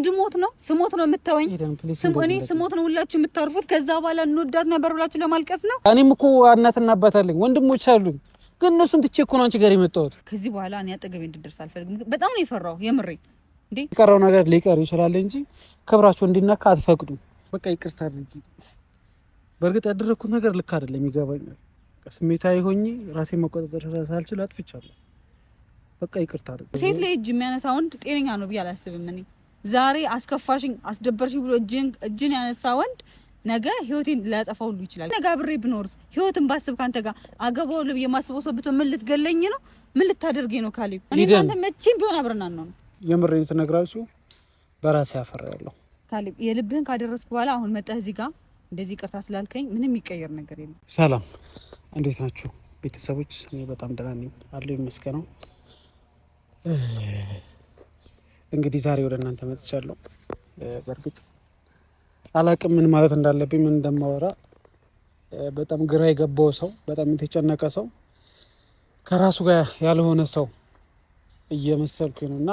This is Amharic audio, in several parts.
እንድሞት ነው ስሞት ነው የምታወኝ? እኔ ስሞት ነው ሁላችሁ የምታርፉት? ከዛ በኋላ እንወዳት ነበር ብላችሁ ለማልቀስ ነው። እኔም እኮ እናትና አባት አለኝ፣ ወንድሞች አሉኝ። ግን እነሱን ትቼ እኮ ነው አንቺ ጋር የመጣሁት። ከዚህ በኋላ እኔ አጠገቤ እንድደርስ አልፈልግም። በጣም ነው የፈራው የምሬ። እንዴ የቀረው ነገር ሊቀር ይችላል እንጂ ክብራቸው እንዲነካ አትፈቅዱ። በቃ ይቅርታ አድርጊ። በእርግጥ ያደረግኩት ነገር ልክ አይደለም፣ ይገባኛል። ስሜታዊ ሆኜ ራሴን መቆጣጠር ሳልችል አጥፍቻለሁ። በቃ ይቅርታ አድርጊ። ሴት ላይ እጅ የሚያነሳ ወንድ ጤነኛ ነው ብዬ አላስብም እኔ ዛሬ አስከፋሽኝ፣ አስደበርሽኝ ብሎ እጅን ያነሳ ወንድ ነገ ህይወቴን ሊያጠፋ ሁሉ ይችላል። ነገ አብሬ ብኖርስ ህይወትን ባስብ ከአንተ ጋር አገባው ልብ የማስበው ሰው ብትሆን ምን ልትገለኝ ነው? ምን ልታደርገኝ ነው? ካሌብ እኔ መቼም ቢሆን አብረና ነው። የምሬን ስነግራችሁ በራሴ አፈር ያለው ካሌብ፣ የልብህን ካደረስክ በኋላ አሁን መጠህ እዚህ ጋር እንደዚህ ቅርታ ስላልከኝ ምንም የሚቀየር ነገር የለም። ሰላም፣ እንዴት ናችሁ ቤተሰቦች? እኔ በጣም ደህና ነኝ፣ አለሁ ይመስገነው። እንግዲህ ዛሬ ወደ እናንተ መጥቻለሁ። በእርግጥ አላቅም ምን ማለት እንዳለብኝ ምን እንደማወራ። በጣም ግራ የገባው ሰው፣ በጣም የተጨነቀ ሰው፣ ከራሱ ጋር ያልሆነ ሰው እየመሰልኩኝ ነው እና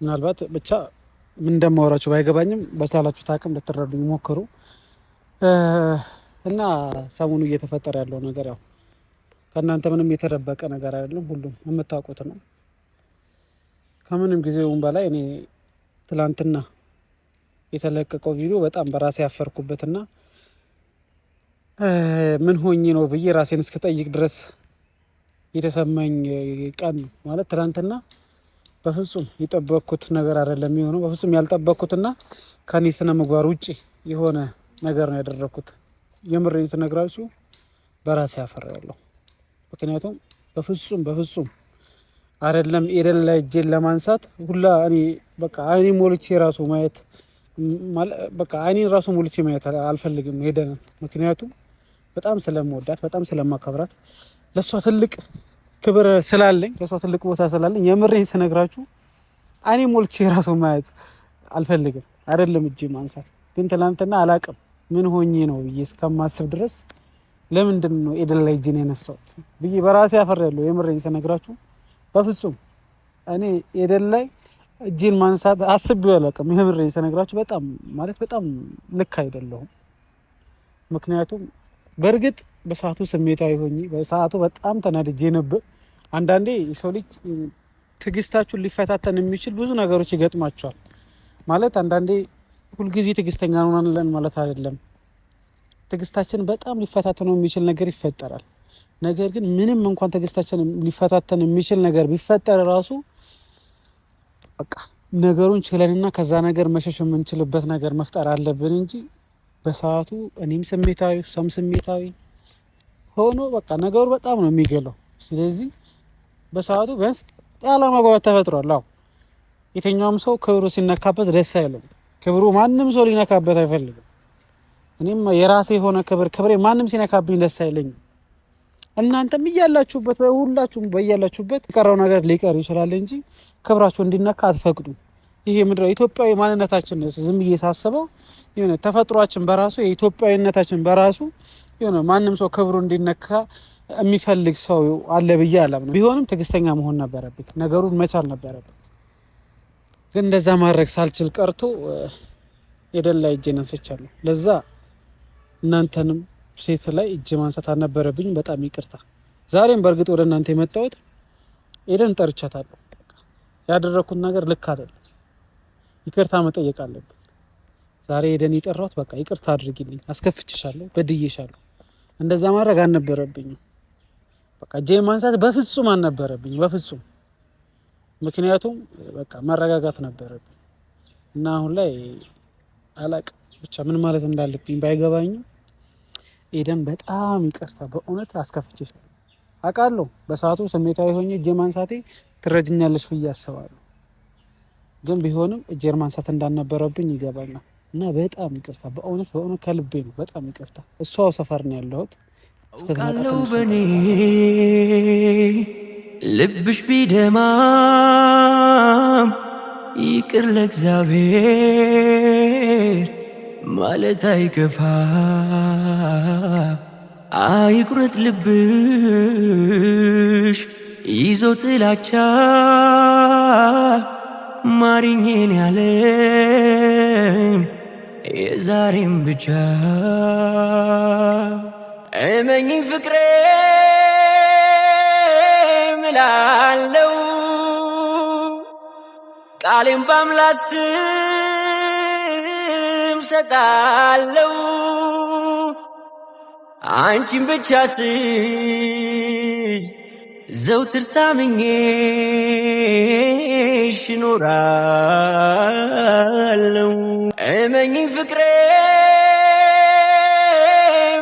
ምናልባት ብቻ ምን እንደማወራችሁ ባይገባኝም በቻላችሁ ታቅም ልትረዱኝ ሞክሩ እና ሰሞኑ እየተፈጠረ ያለው ነገር ያው ከእናንተ ምንም የተደበቀ ነገር አይደለም። ሁሉም የምታውቁት ነው። ከምንም ጊዜውም በላይ እኔ ትላንትና የተለቀቀው ቪዲዮ በጣም በራሴ ያፈርኩበትና ምን ሆኜ ነው ብዬ ራሴን እስክጠይቅ ድረስ የተሰማኝ ቀን ማለት ትላንትና በፍጹም የጠበቅኩት ነገር አይደለም የሆነው። በፍጹም ያልጠበቅኩትና ከኔ ስነ ምግባር ውጭ የሆነ ነገር ነው ያደረግኩት። የምሬን ስነግራችሁ በራሴ ያፈራ ያለው ምክንያቱም በፍጹም በፍጹም አይደለም ኤደን ላይ እጄን ለማንሳት ሁላ እኔ በቃ አይኔ ሞልቼ ራሱ ማየት በቃ አይኔን ራሱ ሞልቼ ማየት አልፈልግም ኤደንን። ምክንያቱም በጣም ስለምወዳት በጣም ስለማከብራት ለእሷ ትልቅ ክብር ስላለኝ ለእሷ ትልቅ ቦታ ስላለኝ የምሬን ስነግራችሁ አይኔ ሞልቼ ራሱ ማየት አልፈልግም። አይደለም እጅ ማንሳት ግን ትላንትና አላቅም ምን ሆኜ ነው ብዬ እስከማስብ ድረስ ለምንድን ነው ኤደን ላይ እጅን ያነሳሁት ብዬ በራሴ አፈር ያለው የምሬን ስነግራችሁ በፍጹም እኔ ኤደን ላይ እጅን ማንሳት አስቤው አላውቅም። ብር ስነግራችሁ በጣም ማለት በጣም ልክ አይደለሁም። ምክንያቱም በእርግጥ በሰዓቱ ስሜታዊ ሆኜ በሰዓቱ በጣም ተናድጄ ነበር። አንዳንዴ የሰው ልጅ ትዕግስታችሁን ሊፈታተን የሚችል ብዙ ነገሮች ይገጥማቸዋል። ማለት አንዳንዴ ሁልጊዜ ትዕግስተኛ እንሆናለን ማለት አይደለም። ትዕግስታችን በጣም ሊፈታተነው የሚችል ነገር ይፈጠራል። ነገር ግን ምንም እንኳን ትዕግስታችን ሊፈታተን የሚችል ነገር ቢፈጠር ራሱ በቃ ነገሩን ችለንና ከዛ ነገር መሸሽ የምንችልበት ነገር መፍጠር አለብን እንጂ በሰዓቱ እኔም ስሜታዊ እሷም ስሜታዊ ሆኖ በቃ ነገሩ በጣም ነው የሚገለው። ስለዚህ በሰዓቱ ቢያንስ ያለመግባባት ተፈጥሯል። አዎ የትኛውም ሰው ክብሩ ሲነካበት ደስ አይለም። ክብሩ ማንም ሰው ሊነካበት አይፈልግም። እኔም የራሴ የሆነ ክብር ክብሬ ማንም ሲነካብኝ ደስ አይለኝም። እናንተም እያላችሁበት ሁላችሁም በያላችሁበት የቀረው ነገር ሊቀር ይችላል እንጂ ክብራችሁ እንዲነካ አትፈቅዱ። ይሄ ምድረ ኢትዮጵያዊ ማንነታችን ዝም ብዬ ሳስበው የሆነ ተፈጥሯችን በራሱ የኢትዮጵያዊነታችን በራሱ የሆነ ማንም ሰው ክብሩ እንዲነካ የሚፈልግ ሰው አለ ብዬ አላምነው። ቢሆንም ትዕግስተኛ መሆን ነበረብኝ፣ ነገሩን መቻል ነበረብኝ። ግን እንደዛ ማድረግ ሳልችል ቀርቶ የደላ እጄን አንስቻለሁ። ለዛ እናንተንም ሴት ላይ እጅ ማንሳት አልነበረብኝ። በጣም ይቅርታ። ዛሬም በእርግጥ ወደ እናንተ የመጣሁት ኤደን ጠርቻታለሁ። ያደረግኩት ነገር ልክ አይደለም፣ ይቅርታ መጠየቅ አለብን። ዛሬ ኤደን የጠራሁት በቃ ይቅርታ አድርግልኝ፣ አስከፍችሻለሁ፣ በድዬሻለሁ። እንደዛ ማድረግ አልነበረብኝም። በቃ እጄ ማንሳት በፍጹም አልነበረብኝ፣ በፍጹም ምክንያቱም በቃ መረጋጋት ነበረብኝ እና አሁን ላይ አላቅ ብቻ ምን ማለት እንዳለብኝ ባይገባኝም ኤደን በጣም ይቅርታ፣ በእውነት አስከፍቼሽ አውቃለሁ። በሰዓቱ ስሜታዊ ሆኜ እጄ ማንሳቴ ትረጅኛለች ብዬ አስባለሁ። ግን ቢሆንም እጄር ማንሳት እንዳልነበረብኝ ይገባኛል። እና በጣም ይቅርታ፣ በእውነት በእውነት ከልቤ ነው። በጣም ይቅርታ። እሷው ሰፈር ነው ያለሁት። አውቃለሁ በኔ ልብሽ ቢደማም ይቅር ለእግዚአብሔር ማለት አይከፋ አይቁረጥ ልብሽ ይዞ ጥላቻ ማሪኝን ያለም የዛሬም ብቻ እመኝ ፍቅሬ ምላለው ቃሌም በአምላክ ስ ሰጣለው አንቺን ብቻ ስ ዘውትር ታምኜሽ እኖራለሁ። እመኝኝ ፍቅሬ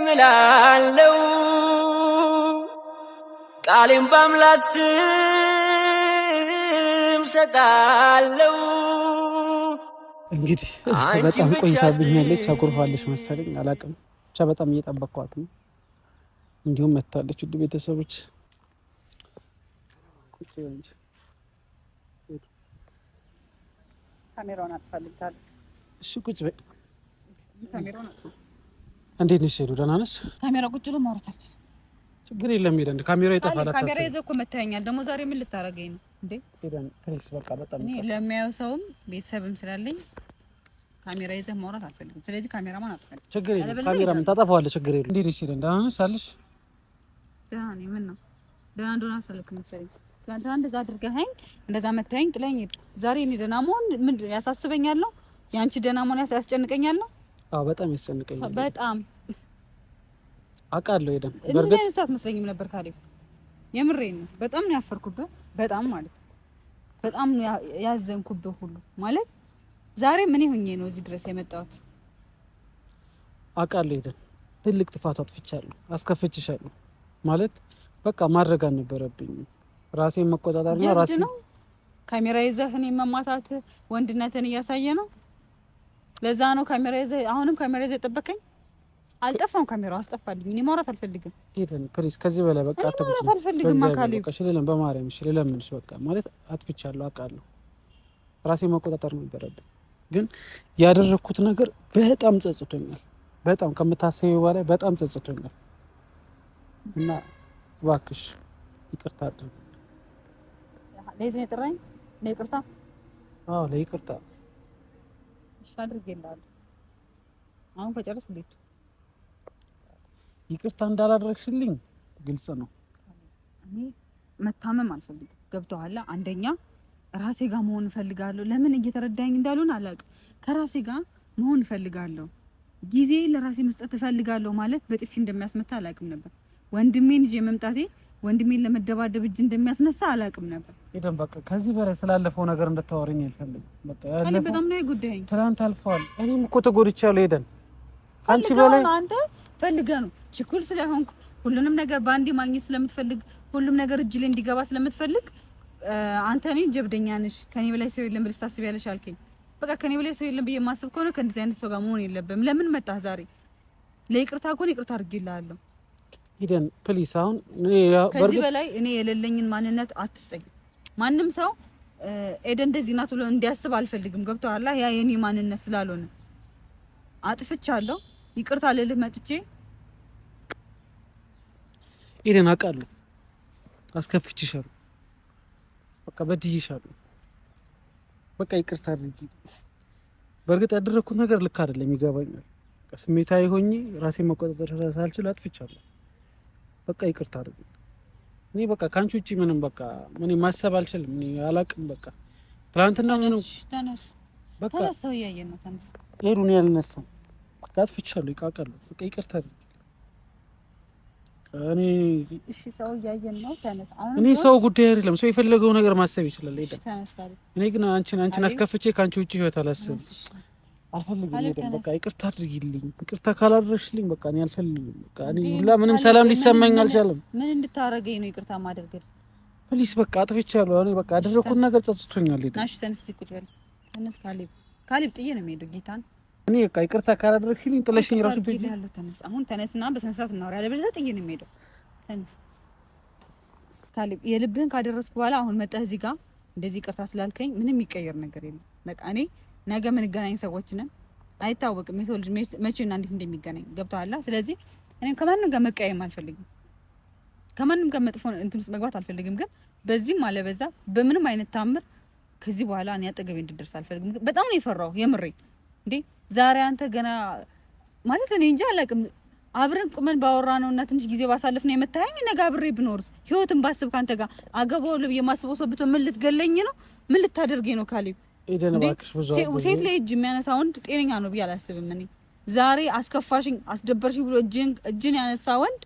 ምላለው ቃሌን ባምላክ ስም ሰጣለው። እንግዲህ በጣም ቆይታብኛለች፣ አኩርፋለች መሰለኝ አላቅም። ብቻ በጣም እየጠበቅኳት ነው። እንዲሁም መታለች። ውድ ቤተሰቦች ቁጭ በይ። እንዴት ነሽ? ሄዱ ደህና ነሽ? ካሜራ ቁጭ ብሎ ማውራት አልችልም። ችግር የለም። ሄደን ካሜራ ይጠፋል። ካሜራ ይዘህ እኮ መታኛል። ደግሞ ዛሬ ምን ልታረገኝ ነው እንዴ? ሄደን ፕሬስ በቃ በጣም ለሚያየው ሰውም ቤተሰብም ስላለኝ ካሜራ ይዘህ ማውራት አልፈልግም። ስለዚህ ካሜራማን አጥፋለሁ። ችግር የለም ካሜራማን ታጠፋዋለህ። ችግር የለም። እንዴት ነሽ? ደህና ነሽ አለሽ? ደህና ነኝ። ምን ነው ደህና እንደሆነ መሰለኝ። ትናንትና እንደዛ አድርገኸኝ እንደዛ ጥለኸኝ ዛሬ እኔ ደህና መሆን ያሳስበኛል ነው? የአንቺ ደህና መሆን ያስጨንቀኛል ነው? አዎ በጣም ያስጨንቀኛል። በጣም አውቃለሁ። ሄደን አትመስለኝም ነበር ካሌብ። የምሬን ነው። በጣም ነው ያፈርኩብህ። በጣም ማለት በጣም ነው ያዘንኩብህ ሁሉ ማለት ዛሬ ምን ሆኜ ነው እዚህ ድረስ የመጣሁት? አውቃለሁ ሄደን ትልቅ ጥፋት አጥፍቻለሁ፣ አስከፍችሻለሁ። ማለት በቃ ማድረግ አልነበረብኝም። ራሴን መቆጣጠርና ራሴ ነው ካሜራ ይዘህ እኔን መማታት ወንድነትን እያሳየ ነው። ለዛ ነው ካሜራ ይዘህ አሁንም ካሜራ ይዘህ የጠበቀኝ። አልጠፋም፣ ካሜራው አስጠፋልኝ። እኔ ማውራት አልፈልግም ሄደን ፕሊዝ፣ ከዚህ በላይ በቃ አትጉጂ። አልፈልግም አካል በማርያምሽ ልለምንሽ፣ በቃ ማለት አጥፍቻለሁ፣ አውቃለሁ። ራሴን መቆጣጠር ነበረብኝ። ግን ያደረግኩት ነገር በጣም ጸጽቶኛል። በጣም ከምታሰቢው በላይ በጣም ጸጽቶኛል እና እባክሽ ይቅርታ አድርግ። ለዚህ ነው ለይቅርታ? ለይቅርታ። ይቅርታ እንዳላደረግሽልኝ ግልጽ ነው። መታመም አልፈልግም። ገብተኋላ አንደኛ ራሴ ጋር መሆን እፈልጋለሁ። ለምን እየተረዳኝ እንዳልሆን አላውቅም። ከራሴ ጋር መሆን እፈልጋለሁ፣ ጊዜ ለራሴ መስጠት እፈልጋለሁ ማለት በጥፊ እንደሚያስመታ አላውቅም ነበር። ወንድሜን ይዤ መምጣቴ ወንድሜን ለመደባደብ እጅ እንደሚያስነሳ አላውቅም ነበር። ኤደን በቃ ከዚህ በላይ ስላለፈው ነገር እንድታወሪኝ አልፈልግም። በቃ ያለፈው በጣም ነው የጎዳኸኝ። ትናንት አልፈዋል። እኔም እኮ ተጎድቻለሁ ኤደን፣ አንቺ በላይ አንተ ፈልገ ነው ችኩል ስለሆንኩ ሁሉንም ነገር በአንዴ ማግኘት ስለምትፈልግ ሁሉም ነገር እጅ ላይ እንዲገባ ስለምትፈልግ አንተ እኔን ጀብደኛ ነሽ፣ ከኔ በላይ ሰው የለም ብለሽ ታስቢያለሽ አልከኝ። በቃ ከኔ በላይ ሰው የለም ብዬ ማስብ ከሆነ ከእንደዚህ አይነት ሰው ጋር መሆን የለብም። ለምን መጣህ ዛሬ? ለይቅርታ ከሆነ ይቅርታ አድርጌልሃለሁ። ሂደን ፕሊስ። አሁን ከዚህ በላይ እኔ የሌለኝን ማንነት አትስጠኝ። ማንም ሰው ኤደን እንደዚህ ናት ብሎ እንዲያስብ አልፈልግም። ገብቶሃል? ያ የኔ ማንነት ስላልሆነ አጥፍቻለሁ። ይቅርታ ልልህ መጥቼ ኤደን፣ አውቃለሁ አስከፍቼሻለሁ በቃ በድዬሻለሁ። በቃ ይቅርታ አድርጊ። በእርግጥ ያደረግኩት ነገር ልክ አይደለም፣ ይገባኛል። ስሜታዊ ሆኜ ራሴን መቆጣጠር ሳልችል አጥፍቻለሁ። በቃ ይቅርታ አድርጊ። እኔ በቃ ከአንቺ ውጭ ምንም በቃ ምን ማሰብ አልችልም። እኔ አላቅም። በቃ ትናንትና ምንም በቃ ሰው እያየን ነው። ተነስ ሄዱን ያልነሳ ጋት ፍቻለሁ። ይቃቃለሁ። በቃ ይቅርታ አድርጊ። እኔ ሰው ጉዳይ አይደለም። ሰው የፈለገው ነገር ማሰብ ይችላል። ሄደ። እኔ ግን አንቺን አንቺን አስከፍቼ ከአንቺ ውጭ ህይወት አላስብም፣ አልፈልግም። በቃ ይቅርታ አድርጊልኝ። ይቅርታ ካላደረግሽልኝ በቃ እኔ አልፈልግም። በቃ እኔ ሁላ ምንም ሰላም ሊሰማኝ አልቻለም። ምን እንድታረገኝ ነው ይቅርታ ማደርግል? ፖሊስ በቃ አጥፍቻለሁ። እኔ በቃ አደረኩት ነገር ጸጽቶኛል። ሄደ። ናሽ፣ ተነስ። ቁጭ በል። ተነስ ካሌብ። ካሌብ ጥዬ ነው የሚሄደው ጌታን እኔ በቃ ይቅርታ ካላደረግሽልኝ ጥለሽኝ ራሱ ትሄጃለሽ። ተነስ አሁን ተነስና በስነ ስርዓት እናወራ፣ ያለበለዚያ ጥዬ ነው የምሄደው። ተነስ ካሌብ፣ የልብህን ካደረስክ በኋላ አሁን መጣህ እዚህ ጋር እንደዚህ ይቅርታ ስላልከኝ ምንም የሚቀየር ነገር የለም። በቃ እኔ ነገ የምንገናኝ ሰዎች ነን። አይታወቅም የሰው ልጅ መቼና እንዴት እንደሚገናኝ ገብቶሃል። ስለዚህ እኔ ከማንም ጋር መቀየም አልፈልግም። ከማንም ጋር መጥፎ እንትን ውስጥ መግባት አልፈልግም። ግን በዚህም አለበዛ በምንም አይነት ታምር ከዚህ በኋላ እኔ አጠገቤ እንድደርስ አልፈልግም። በጣም ነው የፈራው የምሬ እንዴ ዛሬ አንተ ገና ማለት እኔ እንጂ አላውቅም። አብረን ቁመን ባወራ ነው እና ትንሽ ጊዜ ባሳልፍ ነው የምታየኝ። ነገ አብሬ ብኖርስ ህይወትን ባስብ ከአንተ ጋር አገባው የማስበው ሰው ብትሆን ምን ልትገለኝ ነው? ምን ልታደርገኝ ነው? ካሌብ ሴት ላይ እጅ የሚያነሳ ወንድ ጤነኛ ነው ብዬ አላስብም። እኔ ዛሬ አስከፋሽኝ፣ አስደበርሽ ብሎ እጅን ያነሳ ወንድ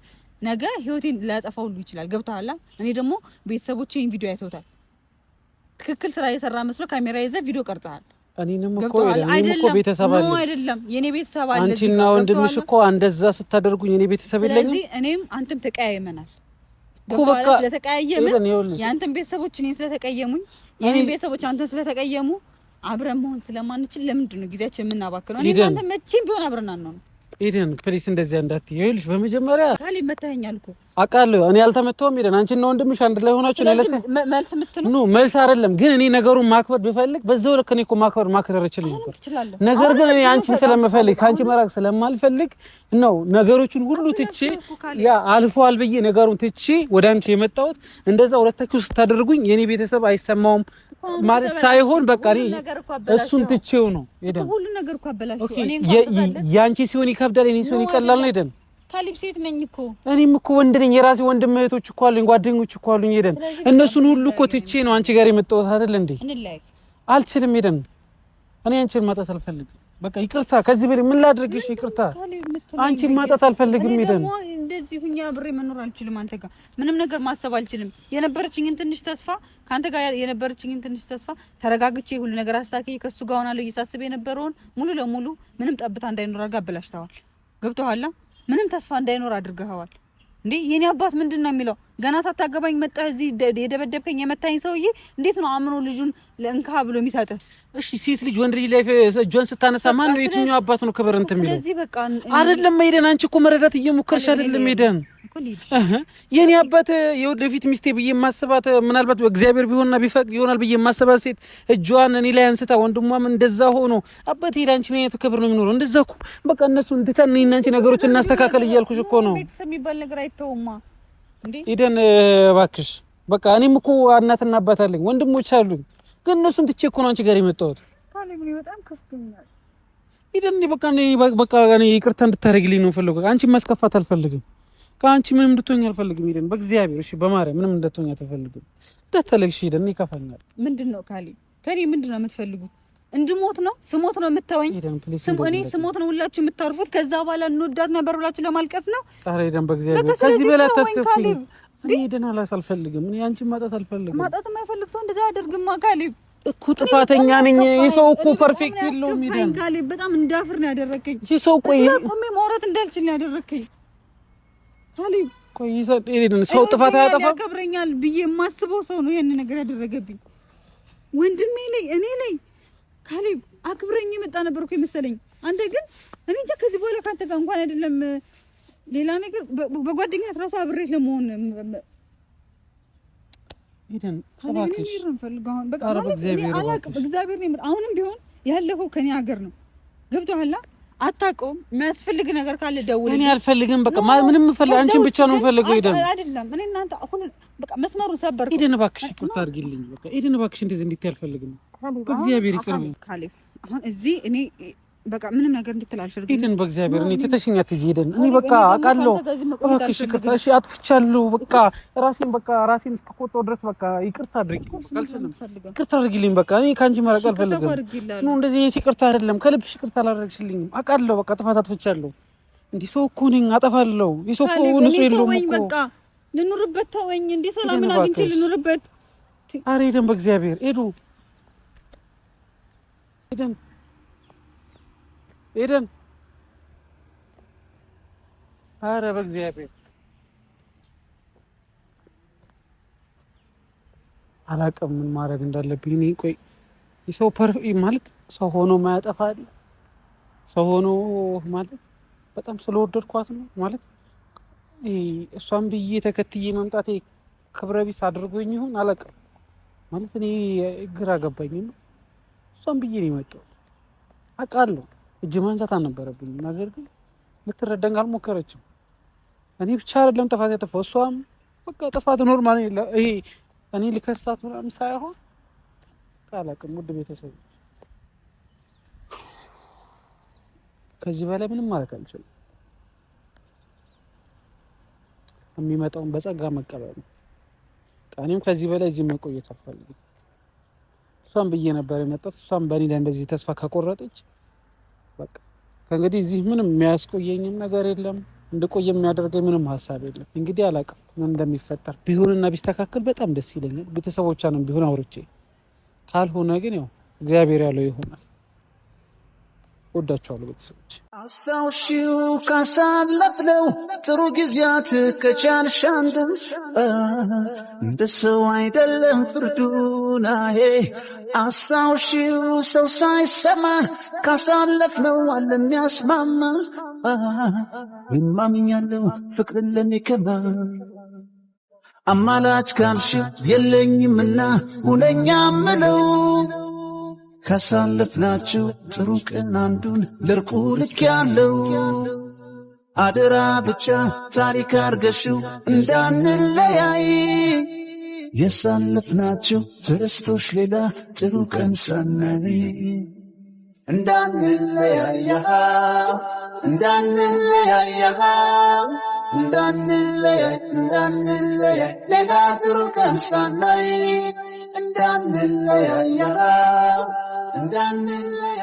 ነገ ህይወቴን ሊያጠፋ ሁሉ ይችላል። ገብቶሃል? እኔ ደግሞ ቤተሰቦቼን ቪዲዮ አይተውታል። ትክክል ስራ የሰራ መስሎ ካሜራ ይዘህ ቪዲዮ ቀርጸሃል። እኔንም እኮ ቤተሰብ አለ አይደለም፣ የኔ ቤተሰብ አለ። አንቺና ወንድምሽ እኮ እንደዛ ስታደርጉኝ እኔ ቤተሰብ የለኝም። ስለዚህ እኔም አንተም ተቀያይመናል በቃ ስለተቀያየምን፣ የአንተም ቤተሰቦች እኔን ስለተቀየሙኝ፣ የኔም ቤተሰቦች አንተን ስለተቀየሙ አብረን መሆን ስለማንችል ለምንድን ነው ጊዜያችን የምናባክነው? እኔ አንተ መቼም ቢሆን አብረን አንሆንም። ኤደን ፕሊስ እንደዚያ እንዳትዪ። ይኸውልሽ በመጀመሪያ ካሊ መታኛል እኮ አውቃለሁ። እኔ አልተመታሁም። ኤደን አንቺ እና ወንድምሽ አንድ ላይ ሆናችሁ ነው ለሰ መልስ የምትለው ኑ መልስ አይደለም ግን እኔ ነገሩን ማክበር ብፈልግ በዛው ልክ እኔ እኮ ማክበር ማክረር እችል ነበር። ነገር ግን እኔ አንቺን ስለምፈልግ ከአንቺ መራቅ ስለማልፈልግ ነው ነገሮቹን ሁሉ ትቼ ያ አልፏል ብዬ ነገሩን ትቼ ወደ አንቺ የመጣሁት። እንደዛ ሁለታችሁ ስታደርጉኝ የኔ ቤተሰብ አይሰማውም ማለት ሳይሆን በቃ እሱን ትቼው ነው ሄደን ሁሉ ነገር እኮ አበላሽው። ያንቺ ሲሆን ይከብዳል፣ የኔ ሲሆን ይቀላል ነው ሄደን ካሊብ ሴት ነኝ እኮ እኔም እኮ ወንድ ነኝ። የራሴ ወንድም እህቶች እኮ አሉኝ፣ ጓደኞች እኮ አሉኝ። ሄደን እነሱን ሁሉ እኮ ትቼ ነው አንቺ ጋር የመጣሁት አይደል እንዴ? አልችልም። ሄደን እኔ አንቺን ማጣት አልፈልግም። በቃ ይቅርታ፣ ከዚህ በላይ ምን ላድርግሽ? ይቅርታ፣ አንቺን ማጣት አልፈልግም። ሄደን እንደዚህ ሁኛ ብሬ መኖር አልችልም። አንተ ጋር ምንም ነገር ማሰብ አልችልም። የነበረችኝን ትንሽ ተስፋ ከአንተ ጋር የነበረችኝን ትንሽ ተስፋ ተረጋግቼ ሁሉ ነገር አስታከይ ከሱ ጋር ሆናለሁ እየሳስብ የነበረውን ሙሉ ለሙሉ ምንም ጠብታ እንዳይኖር አድርጋ አበላሽተዋል። ገብቶሃል። ምንም ተስፋ እንዳይኖር አድርገኸዋል። እንዴ የኔ አባት ምንድን ነው የሚለው ገና ሳታገባኝ መጣህ እዚህ የደበደብከኝ የመታኝ ሰውዬ እንዴት ነው አምኖ ልጁን ለእንካ ብሎ የሚሰጥ? እሺ ሴት ልጅ ወንድ ልጅ ላይ እጇን ስታነሳ ማን ነው የትኛው አባት ነው ክብር እንትን የሚለው? አይደለም ሄደን፣ አንቺ እኮ መረዳት እየሞከርሽ አይደለም መሄደን የኔ አባት የወደፊት ሚስቴ ብዬ የማስባት ምናልባት እግዚአብሔር ቢሆንና ቢፈቅድ ይሆናል ብዬ የማስባት ሴት እጇን እኔ ላይ አንስታ ወንድሟም እንደዛ ሆኖ አባት ሄዳ አንቺ ምን አይነት ክብር ነው የሚኖረው? እንደዛ እኮ በቃ እነሱ እንትተን አንቺ ነገሮች እናስተካከል እያልኩሽ እኮ ነው። ቤተሰብ የሚባል ነገር አይተውማ ኢደን እባክሽ በቃ እኔም እኮ እናትና አባት አለኝ፣ ወንድሞች አሉኝ። ግን እነሱን ትቼ እኮ ነው አንቺ ጋር የመጣሁት። ኢደን በቃ እኔ በቃ እኔ ይቅርታ እንድታደርግልኝ ነው የምፈልገው። አንቺ ማስከፋት አልፈልግም። ከአንቺ ምንም እንድትሆኝ አልፈልግም። ኢደን በእግዚአብሔር እሺ፣ በማርያም ምንም እንድትሆኝ አልፈልግም። እንዳትለቅሽ ኢደን፣ ይከፋኛል። ምንድን ነው ካሌብ፣ ከእኔ ምንድን ነው የምትፈልጉት? እንድሞት ነው ስሞት ነው የምተወኝ? እኔ ስሞት ነው ሁላችሁ የምታርፉት? ከዛ በኋላ እንወዳት ነበር ብላችሁ ለማልቀስ ነው? ኧረ ሄደን በእግዚአብሔር ከዚህ በላይ ተስከፍኝ። እኔ ሄደን አላስ አልፈልግም። እኔ አንቺ ማጣት አልፈልግም። ማጣት የማይፈልግ ሰው እንደዛ አደርግማ። ካሌብ እኮ ጥፋተኛ ነኝ። ይህ እኮ ፐርፌክት የለውም። ሄደን ካሌብ በጣም እንዳፍር ነው ያደረከኝ። ይህ ሰው ቆይ ቆሜ ማውራት እንዳልችል ነው ያደረከኝ ካሌብ። ቆይ ሰው ጥፋት አያጠፋም። ያከብረኛል ብዬ የማስበው ሰው ነው ይህን ነገር ያደረገብኝ ወንድሜ ላይ እኔ ላይ ካሌብ አክብረኝ የመጣ ነበር እኮ የመሰለኝ። አንተ ግን እኔ እንጃ ከዚህ በኋላ ካንተ ጋር እንኳን አይደለም ሌላ ነገር በጓደኝነት ራሱ አብሬ ለመሆን ሄደን አሁንም ቢሆን ያለፈው ከኔ ሀገር ነው ገብቶሃል። አታውቀውም። የሚያስፈልግ ነገር ካለ ደውል። እኔ አልፈልግም። በቃ ምንም ፈልግ፣ አንቺን ብቻ ነው የምፈልገው። ሄደን አይደለም እኔ እናንተ አሁን በቃ መስመሩ ሰበር። ሄደን እባክሽ ይቅርታ አድርጊልኝ። በቃ ሄደን እባክሽ እንደዚህ እንድትይ አልፈልግም። በእግዚአብሔር ይቅርብ። አሁን እዚህ እኔ በቃ ምንም ነገር እንድትል አልፈልግም። ሄደን በእግዚአብሔር እኔ ትተሽኝ አትሄጂ። ሄደን እኔ በቃ አውቃለሁ። እባክሽ ይቅርታ እሺ፣ አጥፍቻለሁ። በቃ ራሴን በቃ ራሴን እስክቆጣው ድረስ በቃ ይቅርታ አድርጊልኝ። በቃ እኔ ከአንቺ መራቅ አልፈልግም። ኑ እንደዚህ አይነት ይቅርታ አይደለም፣ ከልብሽ ይቅርታ አላደረግሽልኝም። አውቃለሁ። በቃ ጥፋት አጥፍቻለሁ። እንዲህ ሰው እኮ ነኝ፣ አጠፋለሁ። የሰው እኮ ንጹህ የለውም እኮ። ልኑርበት፣ ተወኝ። እንደ ሰላምን አግኝቼ ልኑርበት። ኧረ ሄደን በእግዚአብሔር ሄዱ ሄደን ኤደን አረ በእግዚአብሔር አላውቅም ምን ማድረግ እንዳለብኝ እኔ። ቆይ የሰው ፐርፍ ማለት ሰው ሆኖ ማያጠፋ አለ። ሰው ሆኖ ማለት በጣም ስለወደድኳት ነው ማለት እሷን ብዬ ተከትዬ መምጣቴ ክብረ ቢስ አድርጎኝ ይሆን አላውቅም። ማለት እኔ ግራ ገባኝ እሷን ብዬ ነው የመጣሁት አውቃለሁ እጅ ማንሳት አልነበረብኝም። ነገር ግን ልትረዳኝ አልሞከረችም። እኔ ብቻ አይደለም ጥፋት ያጠፋው እሷም በቃ ጥፋት ኖርማል። ይሄ እኔ ልከሳት ምናምን ሳይሆን ቃላቅም ውድ ቤተሰብ ከዚህ በላይ ምንም ማለት አልችልም። የሚመጣውን በጸጋ መቀበል ነው። ከዚህ በላይ እዚህ መቆየት አልፈልግም። እሷም ብዬ ነበር የመጣት እሷም በእኔ ላይ እንደዚህ ተስፋ ከቆረጠች በቃ ከእንግዲህ እዚህ ምንም የሚያስቆየኝም ነገር የለም። እንድቆየ የሚያደርገኝ ምንም ሀሳብ የለም። እንግዲህ አላውቅም ምን እንደሚፈጠር ቢሆንና ቢስተካከል በጣም ደስ ይለኛል። ቤተሰቦቿንም ቢሆን አውርቼ ካልሆነ ግን ያው እግዚአብሔር ያለው ይሆናል። ወዳቸዋለሁ ቤተሰቦች። አስታውሺው ካሳለፍነው ጥሩ ጊዜያት ከቻልሽ አንድም እንደ ሰው አይደለም ፍርዱና ሄ አስታውሺው ሰው ሳይሰማ ካሳለፍነው አለ የሚያስማማ ይማምኛለው ፍቅርን ለሚከባ አማላች ካልሽ የለኝምና ሁነኛ ምለው ካሳለፍናችሁ ጥሩ ቀን አንዱን ለርቁ ልክ ያለው አደራ ብቻ ታሪክ አርገሽው እንዳንለያይ የሳለፍናችሁ ትርስቶች ሌላ ጥሩ ቀን ሳናይ እንዳንለያያ እንዳንለያያ እንዳንለያይ እንዳንለያይ ሌላ ድሩቀን ሳናይ እንዳንለያያ እንዳንለያያ